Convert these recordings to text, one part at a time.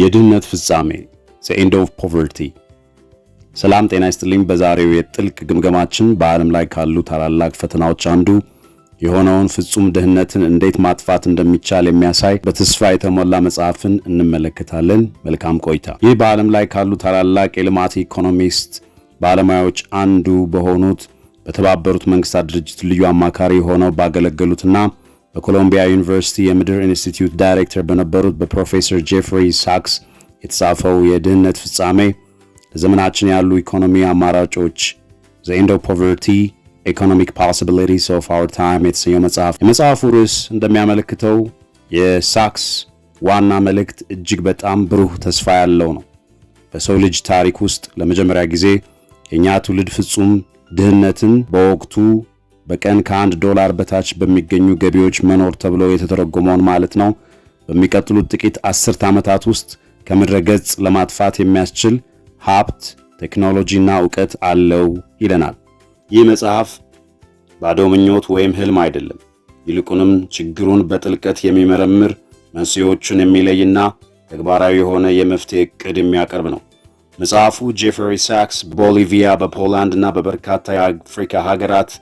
የድህነት ፍጻሜ ዘ ኤንድ ኦፍ ፖቨርቲ። ሰላም ጤና ይስጥልኝ። በዛሬው የጥልቅ ግምገማችን በዓለም ላይ ካሉ ታላላቅ ፈተናዎች አንዱ የሆነውን ፍጹም ድህነትን እንዴት ማጥፋት እንደሚቻል የሚያሳይ በተስፋ የተሞላ መጽሐፍን እንመለከታለን። መልካም ቆይታ። ይህ በዓለም ላይ ካሉ ታላላቅ የልማት ኢኮኖሚስት ባለሙያዎች አንዱ በሆኑት በተባበሩት መንግስታት ድርጅት ልዩ አማካሪ ሆነው ባገለገሉትና በኮሎምቢያ ዩኒቨርሲቲ የምድር ኢንስቲትዩት ዳይሬክተር በነበሩት በፕሮፌሰር ጄፍሪ ሳክስ የተጻፈው የድህነት ፍጻሜ ለዘመናችን ያሉ ኢኮኖሚ አማራጮች ዘ ኤንድ ኦፍ ፖቨርቲ ኢኮኖሚክ ፖሲቢሊቲስ ኦፍ አወር ታይም የተሰኘው መጽሐፍ። የመጽሐፉ ርዕስ እንደሚያመለክተው የሳክስ ዋና መልእክት እጅግ በጣም ብሩህ ተስፋ ያለው ነው። በሰው ልጅ ታሪክ ውስጥ ለመጀመሪያ ጊዜ የእኛ ትውልድ ፍጹም ድህነትን በወቅቱ በቀን ከአንድ ዶላር በታች በሚገኙ ገቢዎች መኖር ተብሎ የተተረጎመውን ማለት ነው በሚቀጥሉት ጥቂት አስርት ዓመታት ውስጥ ከምድረ ገጽ ለማጥፋት የሚያስችል ሀብት፣ ቴክኖሎጂና እውቀት አለው ይለናል። ይህ መጽሐፍ ባዶ ምኞት ወይም ህልም አይደለም። ይልቁንም ችግሩን በጥልቀት የሚመረምር መንስኤዎቹን የሚለይና ተግባራዊ የሆነ የመፍትሄ እቅድ የሚያቀርብ ነው። መጽሐፉ ጄፈሪ ሳክስ በቦሊቪያ በፖላንድ እና በበርካታ የአፍሪካ ሀገራት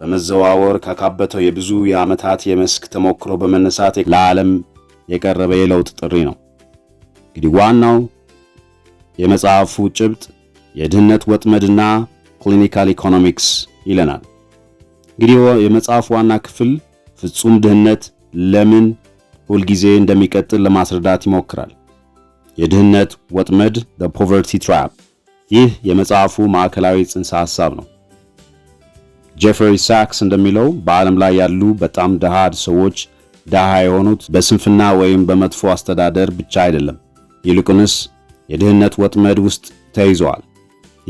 በመዘዋወር ከካበተው የብዙ የዓመታት የመስክ ተሞክሮ በመነሳት ለዓለም የቀረበ የለውጥ ጥሪ ነው። እንግዲህ ዋናው የመጽሐፉ ጭብጥ የድህነት ወጥመድና ክሊኒካል ኢኮኖሚክስ ይለናል። እንግዲህ የመጽሐፍ ዋና ክፍል ፍጹም ድህነት ለምን ሁልጊዜ እንደሚቀጥል ለማስረዳት ይሞክራል። የድህነት ወጥመድ ፖቨርቲ ትራፕ፣ ይህ የመጽሐፉ ማዕከላዊ ጽንሰ ሐሳብ ነው። ጄፍሪ ሳክስ እንደሚለው በዓለም ላይ ያሉ በጣም ደሃ ሰዎች ደሃ የሆኑት በስንፍና ወይም በመጥፎ አስተዳደር ብቻ አይደለም፣ ይልቁንስ የድህነት ወጥመድ ውስጥ ተይዘዋል።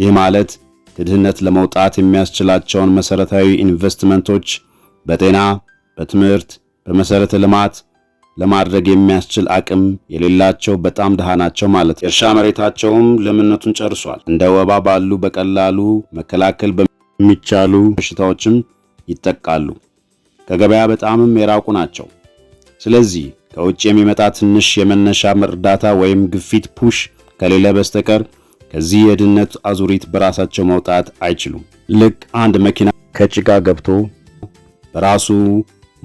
ይህ ማለት ከድህነት ለመውጣት የሚያስችላቸውን መሠረታዊ ኢንቨስትመንቶች በጤና፣ በትምህርት፣ በመሠረተ ልማት ለማድረግ የሚያስችል አቅም የሌላቸው በጣም ድሃ ናቸው ማለት ነው። የእርሻ መሬታቸውም ለምነቱን ጨርሷል። እንደ ወባ ባሉ በቀላሉ መከላከል በ የሚቻሉ በሽታዎችም ይጠቃሉ። ከገበያ በጣምም የራቁ ናቸው። ስለዚህ ከውጭ የሚመጣ ትንሽ የመነሻ እርዳታ ወይም ግፊት ፑሽ ከሌለ በስተቀር ከዚህ የድህነት አዙሪት በራሳቸው መውጣት አይችሉም። ልክ አንድ መኪና ከጭቃ ገብቶ በራሱ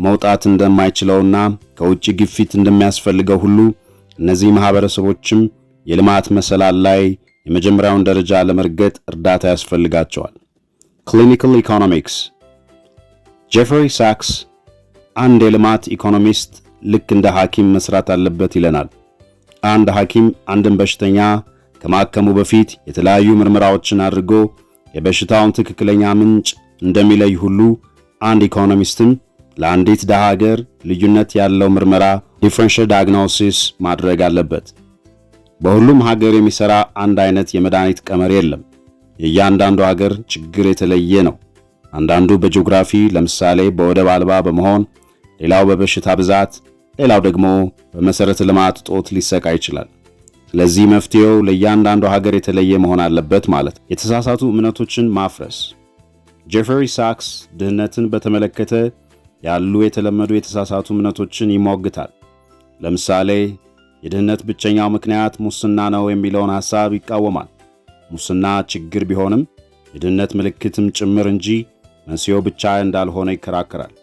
መውጣት እንደማይችለውና ከውጭ ግፊት እንደሚያስፈልገው ሁሉ እነዚህ ማህበረሰቦችም የልማት መሰላል ላይ የመጀመሪያውን ደረጃ ለመርገጥ እርዳታ ያስፈልጋቸዋል። ክሊኒካል ኢኮኖሚክስ ጄፍሪ ሳክስ አንድ የልማት ኢኮኖሚስት ልክ እንደ ሐኪም መስራት አለበት ይለናል። አንድ ሐኪም አንድን በሽተኛ ከማከሙ በፊት የተለያዩ ምርመራዎችን አድርጎ የበሽታውን ትክክለኛ ምንጭ እንደሚለይ ሁሉ አንድ ኢኮኖሚስትም ለአንዲት ድሃ ሀገር ልዩነት ያለው ምርመራ ዲፍረንሻል ዳያግኖሲስ ማድረግ አለበት። በሁሉም ሀገር የሚሰራ አንድ አይነት የመድኃኒት ቀመር የለም። የእያንዳንዱ ሀገር ችግር የተለየ ነው። አንዳንዱ በጂኦግራፊ ለምሳሌ በወደብ አልባ በመሆን፣ ሌላው በበሽታ ብዛት፣ ሌላው ደግሞ በመሰረተ ልማት እጦት ሊሰቃ ይችላል። ስለዚህ መፍትሄው ለእያንዳንዱ ሀገር የተለየ መሆን አለበት ማለት ነው። የተሳሳቱ እምነቶችን ማፍረስ። ጄፈሪ ሳክስ ድህነትን በተመለከተ ያሉ የተለመዱ የተሳሳቱ እምነቶችን ይሞግታል። ለምሳሌ የድህነት ብቸኛው ምክንያት ሙስና ነው የሚለውን ሐሳብ ይቃወማል። ሙስና ችግር ቢሆንም የድህነት ምልክትም ጭምር እንጂ መንስኤው ብቻ እንዳልሆነ ይከራከራል።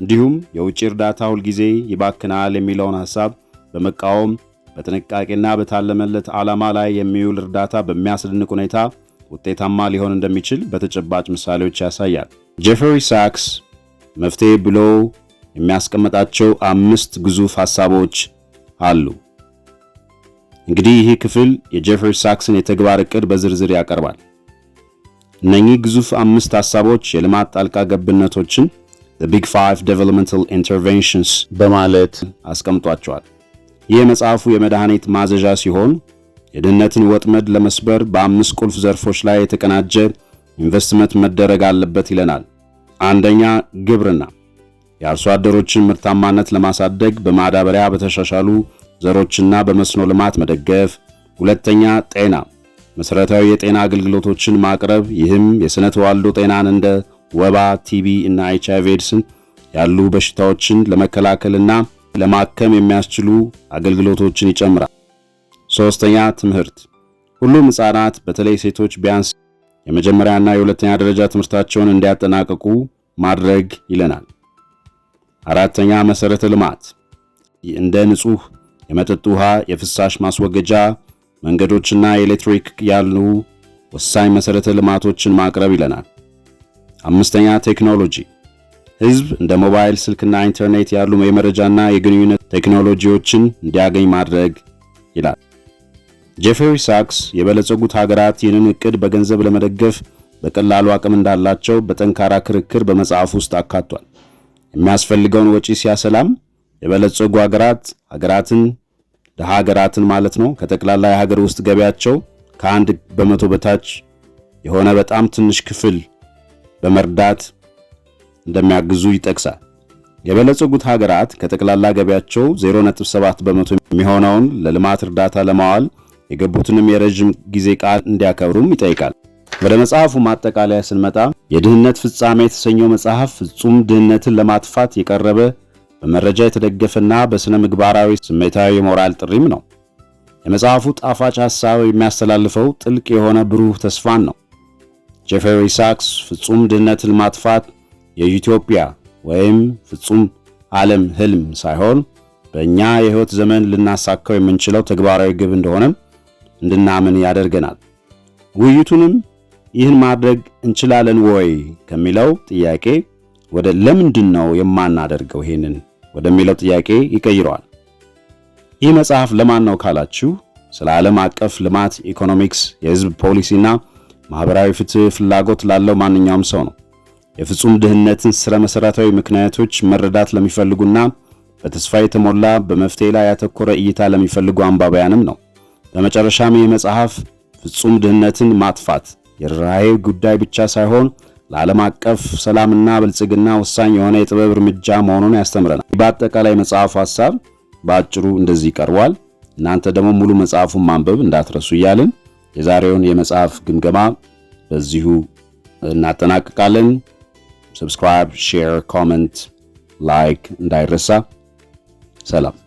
እንዲሁም የውጭ እርዳታ ሁልጊዜ ይባክናል የሚለውን ሐሳብ በመቃወም በጥንቃቄና በታለመለት ዓላማ ላይ የሚውል እርዳታ በሚያስደንቅ ሁኔታ ውጤታማ ሊሆን እንደሚችል በተጨባጭ ምሳሌዎች ያሳያል። ጄፈሪ ሳክስ መፍትሄ ብሎ የሚያስቀምጣቸው አምስት ግዙፍ ሐሳቦች አሉ። እንግዲህ ይህ ክፍል የጄፍሪ ሳክስን የተግባር እቅድ በዝርዝር ያቀርባል። እነኚህ ግዙፍ አምስት ሐሳቦች የልማት ጣልቃ ገብነቶችን the big five developmental interventions በማለት አስቀምጧቸዋል። ይህ የመጽሐፉ የመድኃኒት ማዘዣ ሲሆን የድህነትን ወጥመድ ለመስበር በአምስት ቁልፍ ዘርፎች ላይ የተቀናጀ ኢንቨስትመንት መደረግ አለበት ይለናል። አንደኛ ግብርና፣ የአርሶ አደሮችን ምርታማነት ለማሳደግ በማዳበሪያ በተሻሻሉ ዘሮችና በመስኖ ልማት መደገፍ። ሁለተኛ ጤና፣ መሠረታዊ የጤና አገልግሎቶችን ማቅረብ። ይህም የሥነ ተዋልዶ ጤናን እንደ ወባ፣ ቲቢ እና ኤች አይ ቪ ኤድስን ያሉ በሽታዎችን ለመከላከልና ለማከም የሚያስችሉ አገልግሎቶችን ይጨምራል። ሶስተኛ ትምህርት፣ ሁሉም ሕፃናት በተለይ ሴቶች ቢያንስ የመጀመሪያና የሁለተኛ ደረጃ ትምህርታቸውን እንዲያጠናቀቁ ማድረግ ይለናል። አራተኛ መሠረተ ልማት እንደ ንጹህ የመጠጥ ውሃ፣ የፍሳሽ ማስወገጃ መንገዶችና ኤሌክትሪክ ያሉ ወሳኝ መሠረተ ልማቶችን ማቅረብ ይለናል። አምስተኛ ቴክኖሎጂ ህዝብ እንደ ሞባይል ስልክና ኢንተርኔት ያሉ የመረጃና የግንኙነት ቴክኖሎጂዎችን እንዲያገኝ ማድረግ ይላል። ጄፍሪ ሳክስ የበለጸጉት ሀገራት ይህንን እቅድ በገንዘብ ለመደገፍ በቀላሉ አቅም እንዳላቸው በጠንካራ ክርክር በመጽሐፍ ውስጥ አካቷል። የሚያስፈልገውን ወጪ ሲያሰላም የበለጸጉ ሀገራት ሀገራትን ድሃ ሀገራትን ማለት ነው ከጠቅላላ የሀገር ውስጥ ገቢያቸው ከአንድ በመቶ በታች የሆነ በጣም ትንሽ ክፍል በመርዳት እንደሚያግዙ ይጠቅሳል። የበለጸጉት ሀገራት ከጠቅላላ ገቢያቸው 0.7 በመቶ የሚሆነውን ለልማት እርዳታ ለማዋል የገቡትንም የረዥም ጊዜ ቃል እንዲያከብሩም ይጠይቃል። ወደ መጽሐፉ ማጠቃለያ ስንመጣ የድህነት ፍጻሜ የተሰኘው መጽሐፍ ፍጹም ድህነትን ለማጥፋት የቀረበ በመረጃ የተደገፈና በሥነ ምግባራዊ ስሜታዊ የሞራል ጥሪም ነው። የመጽሐፉ ጣፋጭ ሐሳብ የሚያስተላልፈው ጥልቅ የሆነ ብሩህ ተስፋን ነው። ጄፌሪ ሳክስ ፍጹም ድህነትን ማጥፋት የኢትዮጵያ ወይም ፍጹም ዓለም ህልም ሳይሆን በእኛ የሕይወት ዘመን ልናሳካው የምንችለው ተግባራዊ ግብ እንደሆነም እንድናምን ያደርገናል። ውይይቱንም ይህን ማድረግ እንችላለን ወይ ከሚለው ጥያቄ ወደ ለምንድን ነው የማናደርገው ይሄንን ወደሚለው ጥያቄ ይቀይረዋል። ይህ መጽሐፍ ለማን ነው ካላችሁ ስለ ዓለም አቀፍ ልማት ኢኮኖሚክስ፣ የህዝብ ፖሊሲና ማህበራዊ ፍትህ ፍላጎት ላለው ማንኛውም ሰው ነው። የፍጹም ድህነትን ስረ መሰረታዊ ምክንያቶች መረዳት ለሚፈልጉና በተስፋ የተሞላ በመፍትሄ ላይ ያተኮረ እይታ ለሚፈልጉ አንባባያንም ነው። በመጨረሻም ይህ መጽሐፍ ፍጹም ድህነትን ማጥፋት የርኅራኄ ጉዳይ ብቻ ሳይሆን ለዓለም አቀፍ ሰላምና ብልጽግና ወሳኝ የሆነ የጥበብ እርምጃ መሆኑን ያስተምረናል። በአጠቃላይ መጽሐፉ ሐሳብ በአጭሩ እንደዚህ ቀርቧል። እናንተ ደግሞ ሙሉ መጽሐፉን ማንበብ እንዳትረሱ እያልን የዛሬውን የመጽሐፍ ግምገማ በዚሁ እናጠናቅቃለን። ሰብስክራይብ፣ ሼር፣ ኮመንት፣ ላይክ እንዳይረሳ። ሰላም